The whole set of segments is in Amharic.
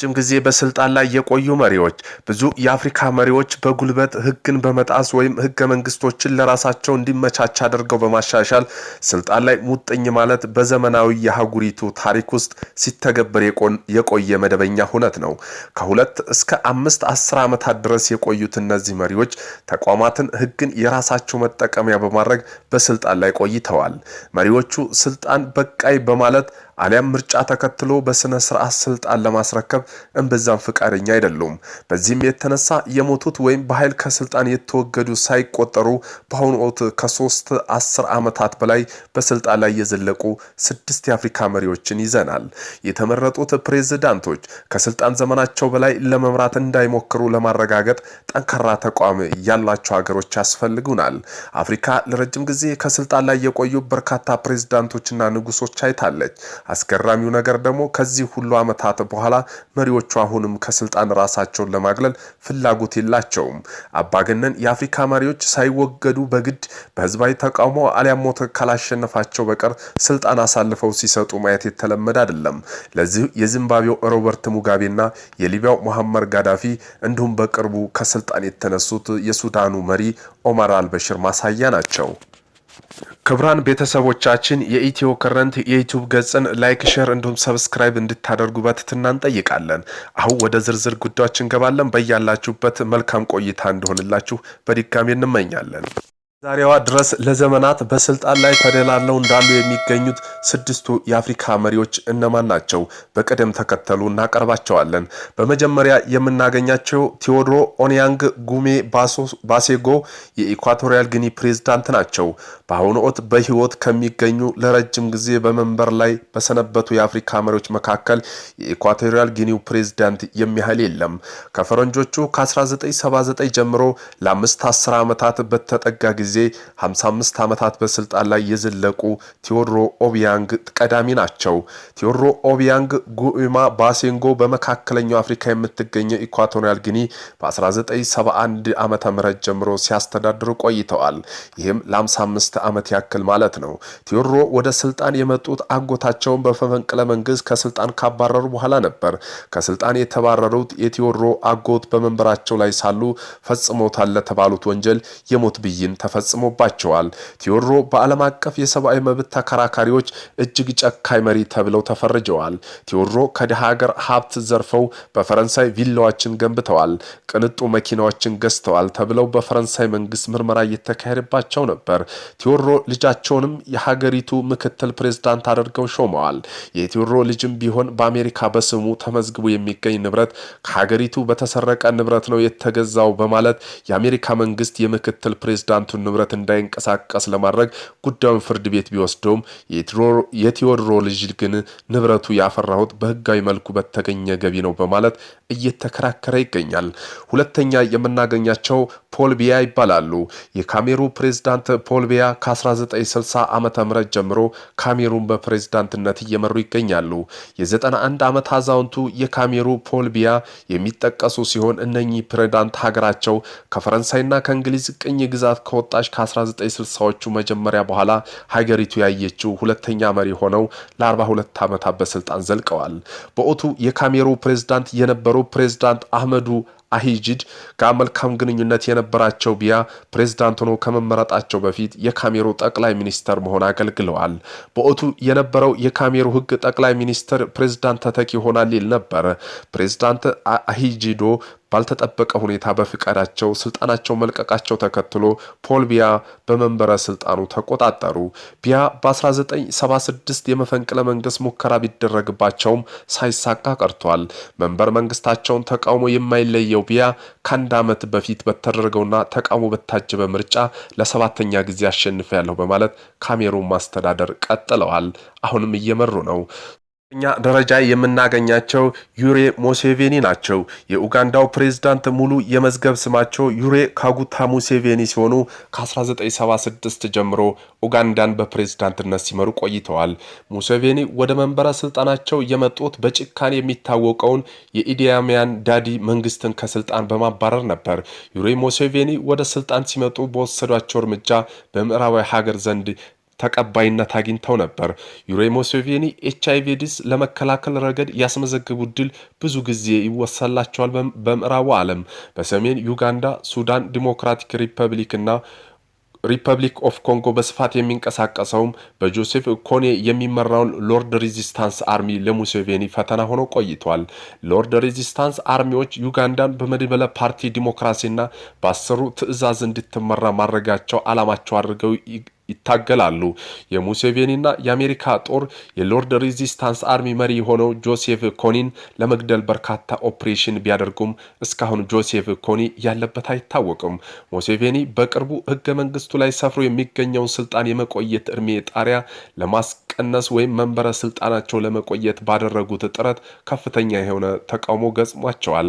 ለረጅም ጊዜ በስልጣን ላይ የቆዩ መሪዎች ብዙ የአፍሪካ መሪዎች በጉልበት ህግን በመጣስ ወይም ህገ መንግስቶችን ለራሳቸው እንዲመቻች አድርገው በማሻሻል ስልጣን ላይ ሙጥኝ ማለት በዘመናዊ የአህጉሪቱ ታሪክ ውስጥ ሲተገበር የቆየ መደበኛ ሁነት ነው። ከሁለት እስከ አምስት አስር ዓመታት ድረስ የቆዩት እነዚህ መሪዎች ተቋማትን፣ ህግን የራሳቸው መጠቀሚያ በማድረግ በስልጣን ላይ ቆይተዋል። መሪዎቹ ስልጣን በቃይ በማለት አሊያም ምርጫ ተከትሎ በስነ ስርዓት ስልጣን ለማስረከብ እምብዛም ፍቃደኛ አይደሉም። በዚህም የተነሳ የሞቱት ወይም በኃይል ከስልጣን የተወገዱ ሳይቆጠሩ በአሁኑ ወቅት ከሶስት አስር ዓመታት በላይ በስልጣን ላይ የዘለቁ ስድስት የአፍሪካ መሪዎችን ይዘናል። የተመረጡት ፕሬዝዳንቶች ከስልጣን ዘመናቸው በላይ ለመምራት እንዳይሞክሩ ለማረጋገጥ ጠንካራ ተቋም ያላቸው ሀገሮች ያስፈልጉናል። አፍሪካ ለረጅም ጊዜ ከስልጣን ላይ የቆዩ በርካታ ፕሬዝዳንቶችና ንጉሶች አይታለች። አስገራሚው ነገር ደግሞ ከዚህ ሁሉ ዓመታት በኋላ መሪዎቹ አሁንም ከስልጣን ራሳቸውን ለማግለል ፍላጎት የላቸውም። አባገነን የአፍሪካ መሪዎች ሳይወገዱ በግድ በህዝባዊ ተቃውሞ አሊያም ሞት ካላሸነፋቸው በቀር ስልጣን አሳልፈው ሲሰጡ ማየት የተለመደ አይደለም። ለዚህ የዚምባብዌው ሮበርት ሙጋቤና የሊቢያው መሐመድ ጋዳፊ እንዲሁም በቅርቡ ከስልጣን የተነሱት የሱዳኑ መሪ ኦማር አልበሽር ማሳያ ናቸው። ክብራን ቤተሰቦቻችን የኢትዮ ከረንት የዩቱብ ገጽን ላይክ፣ ሼር እንዲሁም ሰብስክራይብ እንድታደርጉ በትህትና እንጠይቃለን። አሁን ወደ ዝርዝር ጉዳዮች እንገባለን። በያላችሁበት መልካም ቆይታ እንደሆንላችሁ በድጋሚ እንመኛለን። ዛሬዋ ድረስ ለዘመናት በስልጣን ላይ ተደላለው እንዳሉ የሚገኙት ስድስቱ የአፍሪካ መሪዎች እነማን ናቸው? በቅደም ተከተሉ እናቀርባቸዋለን። በመጀመሪያ የምናገኛቸው ቴዎድሮ ኦንያንግ ጉሜ ባሴጎ የኢኳቶሪያል ግኒ ፕሬዝዳንት ናቸው። በአሁኑ ወቅት በህይወት ከሚገኙ ለረጅም ጊዜ በመንበር ላይ በሰነበቱ የአፍሪካ መሪዎች መካከል የኢኳቶሪያል ጊኒው ፕሬዝዳንት የሚያህል የለም። ከፈረንጆቹ ከ1979 ጀምሮ ለአምስት አስር ዓመታት በተጠጋ ጊዜ ጊዜ 55 ዓመታት በስልጣን ላይ የዘለቁ ቴዎድሮ ኦቢያንግ ቀዳሚ ናቸው። ቴዎድሮ ኦቢያንግ ጉማ ባሴንጎ በመካከለኛው አፍሪካ የምትገኘው ኢኳቶሪያል ጊኒ በ1971 ዓ ም ጀምሮ ሲያስተዳድሩ ቆይተዋል። ይህም ለ55 ዓመት ያክል ማለት ነው። ቴዎድሮ ወደ ስልጣን የመጡት አጎታቸውን በመፈንቅለ መንግስት ከስልጣን ካባረሩ በኋላ ነበር። ከስልጣን የተባረሩት የቴዎድሮ አጎት በመንበራቸው ላይ ሳሉ ፈጽሞታል ለተባሉት ወንጀል የሞት ብይን ተፈ ተፈጽሞባቸዋል። ቴዎድሮ በዓለም አቀፍ የሰብአዊ መብት ተከራካሪዎች እጅግ ጨካኝ መሪ ተብለው ተፈርጀዋል። ቴዎድሮ ከድሃ ሀገር ሀብት ዘርፈው በፈረንሳይ ቪላዎችን ገንብተዋል፣ ቅንጡ መኪናዎችን ገዝተዋል ተብለው በፈረንሳይ መንግስት ምርመራ እየተካሄደባቸው ነበር። ቴዎድሮ ልጃቸውንም የሀገሪቱ ምክትል ፕሬዝዳንት አድርገው ሾመዋል። የቴዎድሮ ልጅም ቢሆን በአሜሪካ በስሙ ተመዝግቦ የሚገኝ ንብረት ከሀገሪቱ በተሰረቀ ንብረት ነው የተገዛው በማለት የአሜሪካ መንግስት የምክትል ፕሬዝዳንቱን ንብረት እንዳይንቀሳቀስ ለማድረግ ጉዳዩን ፍርድ ቤት ቢወስደውም የቴዎድሮ ልጅ ግን ንብረቱ ያፈራሁት በህጋዊ መልኩ በተገኘ ገቢ ነው በማለት እየተከራከረ ይገኛል። ሁለተኛ የምናገኛቸው ፖል ቢያ ይባላሉ። የካሜሩ ፕሬዝዳንት ፖል ቢያ ከ1960 ዓ ም ጀምሮ ካሜሩን በፕሬዝዳንትነት እየመሩ ይገኛሉ። የ91 ዓመት አዛውንቱ የካሜሩ ፖል ቢያ የሚጠቀሱ ሲሆን እነኚህ ፕሬዝዳንት ሀገራቸው ከፈረንሳይና ከእንግሊዝ ቅኝ ግዛት ከወጣ ተመላላሽ ከ1960ዎቹ መጀመሪያ በኋላ ሀገሪቱ ያየችው ሁለተኛ መሪ ሆነው ለ42 ዓመታት በስልጣን ዘልቀዋል። በኦቱ የካሜሩ ፕሬዝዳንት የነበረው ፕሬዝዳንት አህመዱ አሂጅድ ጋር መልካም ግንኙነት የነበራቸው ቢያ ፕሬዝዳንት ሆኖ ከመመረጣቸው በፊት የካሜሩ ጠቅላይ ሚኒስተር መሆን አገልግለዋል። በኦቱ የነበረው የካሜሩ ህግ ጠቅላይ ሚኒስተር ፕሬዝዳንት ተተኪ ይሆናል ይል ነበር። ፕሬዝዳንት አሂጂዶ ባልተጠበቀ ሁኔታ በፍቃዳቸው ስልጣናቸው መልቀቃቸው ተከትሎ ፖል ቢያ በመንበረ ስልጣኑ ተቆጣጠሩ። ቢያ በ1976 የመፈንቅለ መንግስት ሙከራ ቢደረግባቸውም ሳይሳካ ቀርቷል። መንበር መንግስታቸውን ተቃውሞ የማይለየው ቢያ ከአንድ ዓመት በፊት በተደረገውና ተቃውሞ በታጀበ ምርጫ ለሰባተኛ ጊዜ ያለሁ በማለት ካሜሩን ማስተዳደር ቀጥለዋል። አሁንም እየመሩ ነው። ኛ ደረጃ የምናገኛቸው ዩሬ ሙሴቬኒ ናቸው። የኡጋንዳው ፕሬዝዳንት ሙሉ የመዝገብ ስማቸው ዩሬ ካጉታ ሙሴቬኒ ሲሆኑ ከ1976 ጀምሮ ኡጋንዳን በፕሬዝዳንትነት ሲመሩ ቆይተዋል። ሙሴቬኒ ወደ መንበረ ስልጣናቸው የመጡት በጭካኔ የሚታወቀውን የኢዲያሚያን ዳዲ መንግስትን ከስልጣን በማባረር ነበር። ዩሬ ሙሴቬኒ ወደ ስልጣን ሲመጡ በወሰዷቸው እርምጃ በምዕራባዊ ሀገር ዘንድ ተቀባይነት አግኝተው ነበር። ዩሬ ሙሴቬኒ ኤች አይቪ ኤድስ ለመከላከል ረገድ ያስመዘግቡ ድል ብዙ ጊዜ ይወሰላቸዋል በምዕራቡ ዓለም በሰሜን ዩጋንዳ፣ ሱዳን ዲሞክራቲክ ሪፐብሊክና ሪፐብሊክ ኦፍ ኮንጎ በስፋት የሚንቀሳቀሰውም በጆሴፍ ኮኔ የሚመራውን ሎርድ ሬዚስታንስ አርሚ ለሙሴቬኒ ፈተና ሆኖ ቆይቷል። ሎርድ ሬዚስታንስ አርሚዎች ዩጋንዳን በመድበለ ፓርቲ ዲሞክራሲና በአስሩ ትዕዛዝ እንድትመራ ማድረጋቸው ዓላማቸው አድርገው ይታገላሉ። የሙሴቬኒና የአሜሪካ ጦር የሎርድ ሬዚስታንስ አርሚ መሪ የሆነው ጆሴፍ ኮኒን ለመግደል በርካታ ኦፕሬሽን ቢያደርጉም እስካሁን ጆሴፍ ኮኒ ያለበት አይታወቅም። ሙሴቬኒ በቅርቡ ህገ መንግስቱ ላይ ሰፍሮ የሚገኘውን ስልጣን የመቆየት እድሜ ጣሪያ ለማስቀነስ ወይም መንበረ ስልጣናቸው ለመቆየት ባደረጉት ጥረት ከፍተኛ የሆነ ተቃውሞ ገጥሟቸዋል።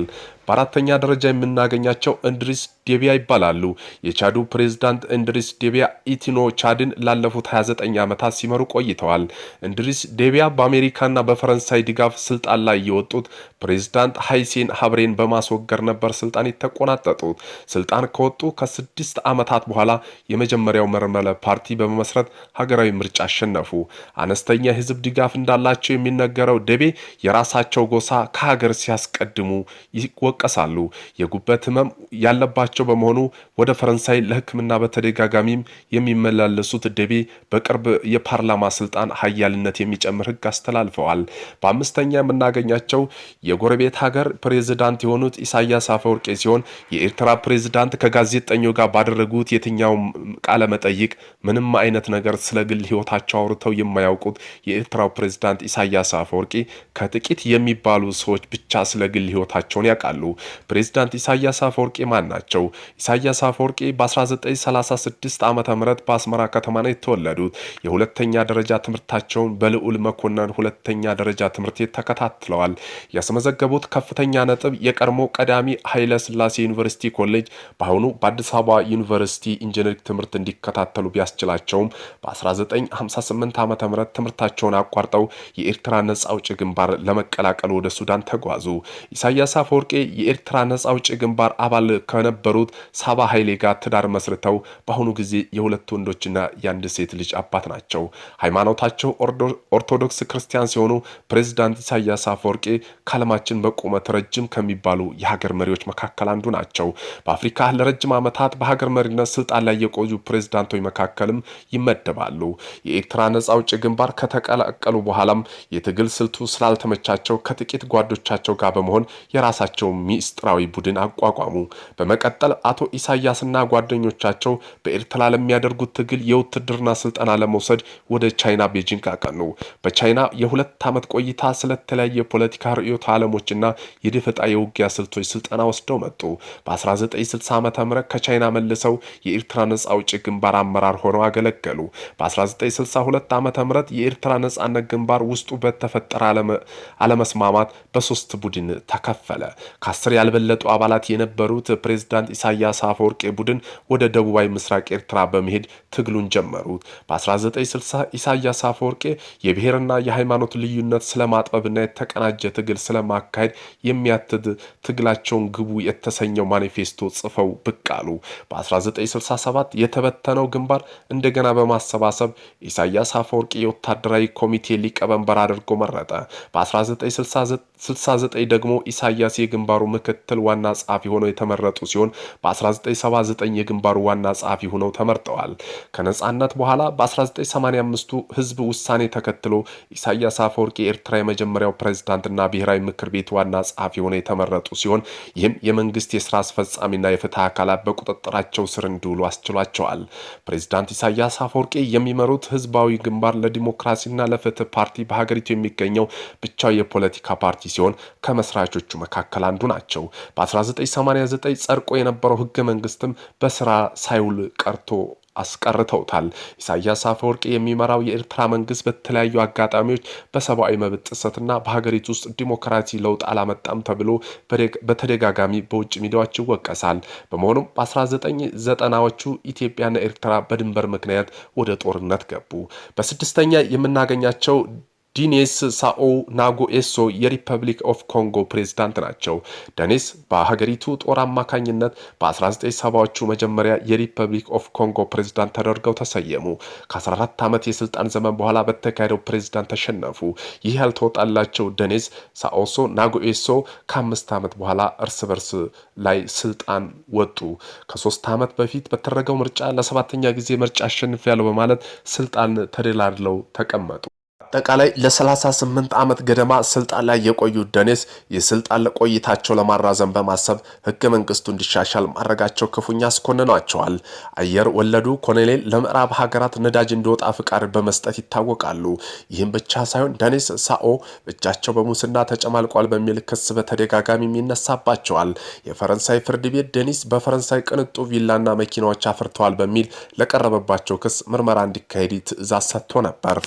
በአራተኛ ደረጃ የምናገኛቸው እንድሪስ ዴቢያ ይባላሉ። የቻዱ ፕሬዝዳንት እንድሪስ ዴቢያ ኢቲኖ ቻድን ላለፉት 29 ዓመታት ሲመሩ ቆይተዋል። እንድሪስ ዴቢያ በአሜሪካና በፈረንሳይ ድጋፍ ስልጣን ላይ የወጡት ፕሬዝዳንት ሀይሴን ሀብሬን በማስወገድ ነበር ስልጣን የተቆናጠጡት። ስልጣን ከወጡ ከስድስት ዓመታት በኋላ የመጀመሪያው መርመለ ፓርቲ በመመስረት ሀገራዊ ምርጫ አሸነፉ። አነስተኛ የህዝብ ድጋፍ እንዳላቸው የሚነገረው ደቤ የራሳቸው ጎሳ ከሀገር ሲያስቀድሙ ይወቅ ይጠቀሳሉ። የጉበት ህመም ያለባቸው በመሆኑ ወደ ፈረንሳይ ለህክምና በተደጋጋሚም የሚመላለሱት ደቤ በቅርብ የፓርላማ ስልጣን ሀያልነት የሚጨምር ህግ አስተላልፈዋል። በአምስተኛ የምናገኛቸው የጎረቤት ሀገር ፕሬዝዳንት የሆኑት ኢሳያስ አፈወርቄ ሲሆን የኤርትራ ፕሬዝዳንት ከጋዜጠኞ ጋር ባደረጉት የትኛው ቃለ መጠይቅ ምንም አይነት ነገር ስለ ግል ህይወታቸው አውርተው የማያውቁት የኤርትራው ፕሬዝዳንት ኢሳያስ አፈወርቂ ከጥቂት የሚባሉ ሰዎች ብቻ ስለ ግል ህይወታቸውን ያውቃሉ። ይላሉ። ፕሬዚዳንት ኢሳያስ አፈወርቄ ማን ናቸው? ኢሳያስ አፈወርቂ በ1936 ዓ ም በአስመራ ከተማ ነው የተወለዱት። የሁለተኛ ደረጃ ትምህርታቸውን በልዑል መኮንን ሁለተኛ ደረጃ ትምህርት ቤት ተከታትለዋል። ያስመዘገቡት ከፍተኛ ነጥብ የቀድሞ ቀዳሚ ኃይለ ስላሴ ዩኒቨርሲቲ ኮሌጅ በአሁኑ በአዲስ አበባ ዩኒቨርሲቲ ኢንጂነሪንግ ትምህርት እንዲከታተሉ ቢያስችላቸውም በ1958 ዓ ም ትምህርታቸውን አቋርጠው የኤርትራ ነጻ አውጪ ግንባር ለመቀላቀል ወደ ሱዳን ተጓዙ። ኢሳያስ አፈወርቄ የኤርትራ ነጻ አውጪ ግንባር አባል ከነበሩት ሳባ ኃይሌ ጋር ትዳር መስርተው በአሁኑ ጊዜ የሁለት ወንዶችና የአንድ ሴት ልጅ አባት ናቸው። ሃይማኖታቸው ኦርቶዶክስ ክርስቲያን ሲሆኑ ፕሬዚዳንት ኢሳያስ አፈወርቄ ከዓለማችን በቁመት ረጅም ከሚባሉ የሀገር መሪዎች መካከል አንዱ ናቸው። በአፍሪካ ለረጅም ዓመታት በሀገር መሪነት ስልጣን ላይ የቆዩ ፕሬዚዳንቶች መካከልም ይመደባሉ። የኤርትራ ነጻ አውጪ ግንባር ከተቀላቀሉ በኋላም የትግል ስልቱ ስላልተመቻቸው ከጥቂት ጓዶቻቸው ጋር በመሆን የራሳቸውን ሚስጥራዊ ቡድን አቋቋሙ። በመቀጠል አቶ ኢሳያስና ጓደኞቻቸው በኤርትራ ለሚያደርጉት ትግል የውትድርና ስልጠና ለመውሰድ ወደ ቻይና ቤጂንግ አቀኑ። በቻይና የሁለት ዓመት ቆይታ ስለተለያየ የፖለቲካ ርዕዮተ ዓለሞችና የድፈጣ የውጊያ ስልቶች ስልጠና ወስደው መጡ። በ1960 ዓ ም ከቻይና መልሰው የኤርትራ ነጻ አውጪ ግንባር አመራር ሆነው አገለገሉ። በ1962 ዓ ም የኤርትራ ነጻነት ግንባር ውስጡ በተፈጠረ አለመስማማት በሶስት ቡድን ተከፈለ። ከአስር ያልበለጡ አባላት የነበሩት ፕሬዝዳንት ኢሳያስ አፈወርቄ ቡድን ወደ ደቡባዊ ምስራቅ ኤርትራ በመሄድ ትግሉን ጀመሩት። በ1960 ኢሳያስ አፈወርቂ የብሔርና የሃይማኖት ልዩነት ስለማጥበብና የተቀናጀ ትግል ስለማካሄድ የሚያትድ ትግላቸውን ግቡ የተሰኘው ማኒፌስቶ ጽፈው ብቅ አሉ። በ1967 የተበተነው ግንባር እንደገና በማሰባሰብ ኢሳያስ አፈወርቂ የወታደራዊ ኮሚቴ ሊቀመንበር አድርጎ መረጠ። በ1969 ደግሞ ኢሳያስ የግንባሩ የግንባሩ ምክትል ዋና ጸሐፊ ሆነው የተመረጡ ሲሆን በ1979 የግንባሩ ዋና ጸሐፊ ሆነው ተመርጠዋል። ከነጻነት በኋላ በ1985ቱ ህዝብ ውሳኔ ተከትሎ ኢሳያስ አፈወርቂ የኤርትራ የመጀመሪያው ፕሬዝዳንትና ብሔራዊ ምክር ቤት ዋና ጸሐፊ ሆነው የተመረጡ ሲሆን ይህም የመንግስት የስራ አስፈጻሚና የፍትህ አካላት በቁጥጥራቸው ስር እንዲውሉ አስችሏቸዋል። ፕሬዝዳንት ኢሳያስ አፈወርቂ የሚመሩት ህዝባዊ ግንባር ለዲሞክራሲና ለፍትህ ፓርቲ በሀገሪቱ የሚገኘው ብቻው የፖለቲካ ፓርቲ ሲሆን ከመስራቾቹ መካከል አንዱ ናቸው። በ1989 ጸድቆ የነበረው ህገ መንግስትም በስራ ሳይውል ቀርቶ አስቀርተውታል። ኢሳያስ አፈወርቂ የሚመራው የኤርትራ መንግስት በተለያዩ አጋጣሚዎች በሰብአዊ መብት ጥሰትና በሀገሪቱ ውስጥ ዲሞክራሲ ለውጥ አላመጣም ተብሎ በተደጋጋሚ በውጭ ሚዲያዎች ይወቀሳል። በመሆኑም በ1990ዎቹ ኢትዮጵያና ኤርትራ በድንበር ምክንያት ወደ ጦርነት ገቡ። በስድስተኛ የምናገኛቸው ዲኔስ ሳኦ ናጎኤሶ የሪፐብሊክ ኦፍ ኮንጎ ፕሬዝዳንት ናቸው። ደኔስ በሀገሪቱ ጦር አማካኝነት በ1970ዎቹ መጀመሪያ የሪፐብሊክ ኦፍ ኮንጎ ፕሬዝዳንት ተደርገው ተሰየሙ። ከ14 ዓመት የስልጣን ዘመን በኋላ በተካሄደው ፕሬዝዳንት ተሸነፉ። ይህ ያልተወጣላቸው ደኔስ ሳኦሶ ናጎኤሶ ከአምስት ዓመት በኋላ እርስ በርስ ላይ ስልጣን ወጡ። ከሶስት ዓመት በፊት በተደረገው ምርጫ ለሰባተኛ ጊዜ ምርጫ አሸንፍ ያለው በማለት ስልጣን ተደላድለው ተቀመጡ። በአጠቃላይ ለ38 ዓመት ገደማ ስልጣን ላይ የቆዩት ደኔስ የስልጣን ቆይታቸው ለማራዘም በማሰብ ህገ መንግስቱ እንዲሻሻል ማድረጋቸው ክፉኛ አስኮንኗቸዋል። አየር ወለዱ ኮሎኔል ለምዕራብ ሀገራት ነዳጅ እንዲወጣ ፍቃድ በመስጠት ይታወቃሉ። ይህም ብቻ ሳይሆን ደኔስ ሳኦ እጃቸው በሙስና ተጨማልቋል በሚል ክስ በተደጋጋሚ ይነሳባቸዋል። የፈረንሳይ ፍርድ ቤት ደኒስ በፈረንሳይ ቅንጡ ቪላና መኪናዎች አፍርተዋል በሚል ለቀረበባቸው ክስ ምርመራ እንዲካሄድ ትዕዛዝ ሰጥቶ ነበር።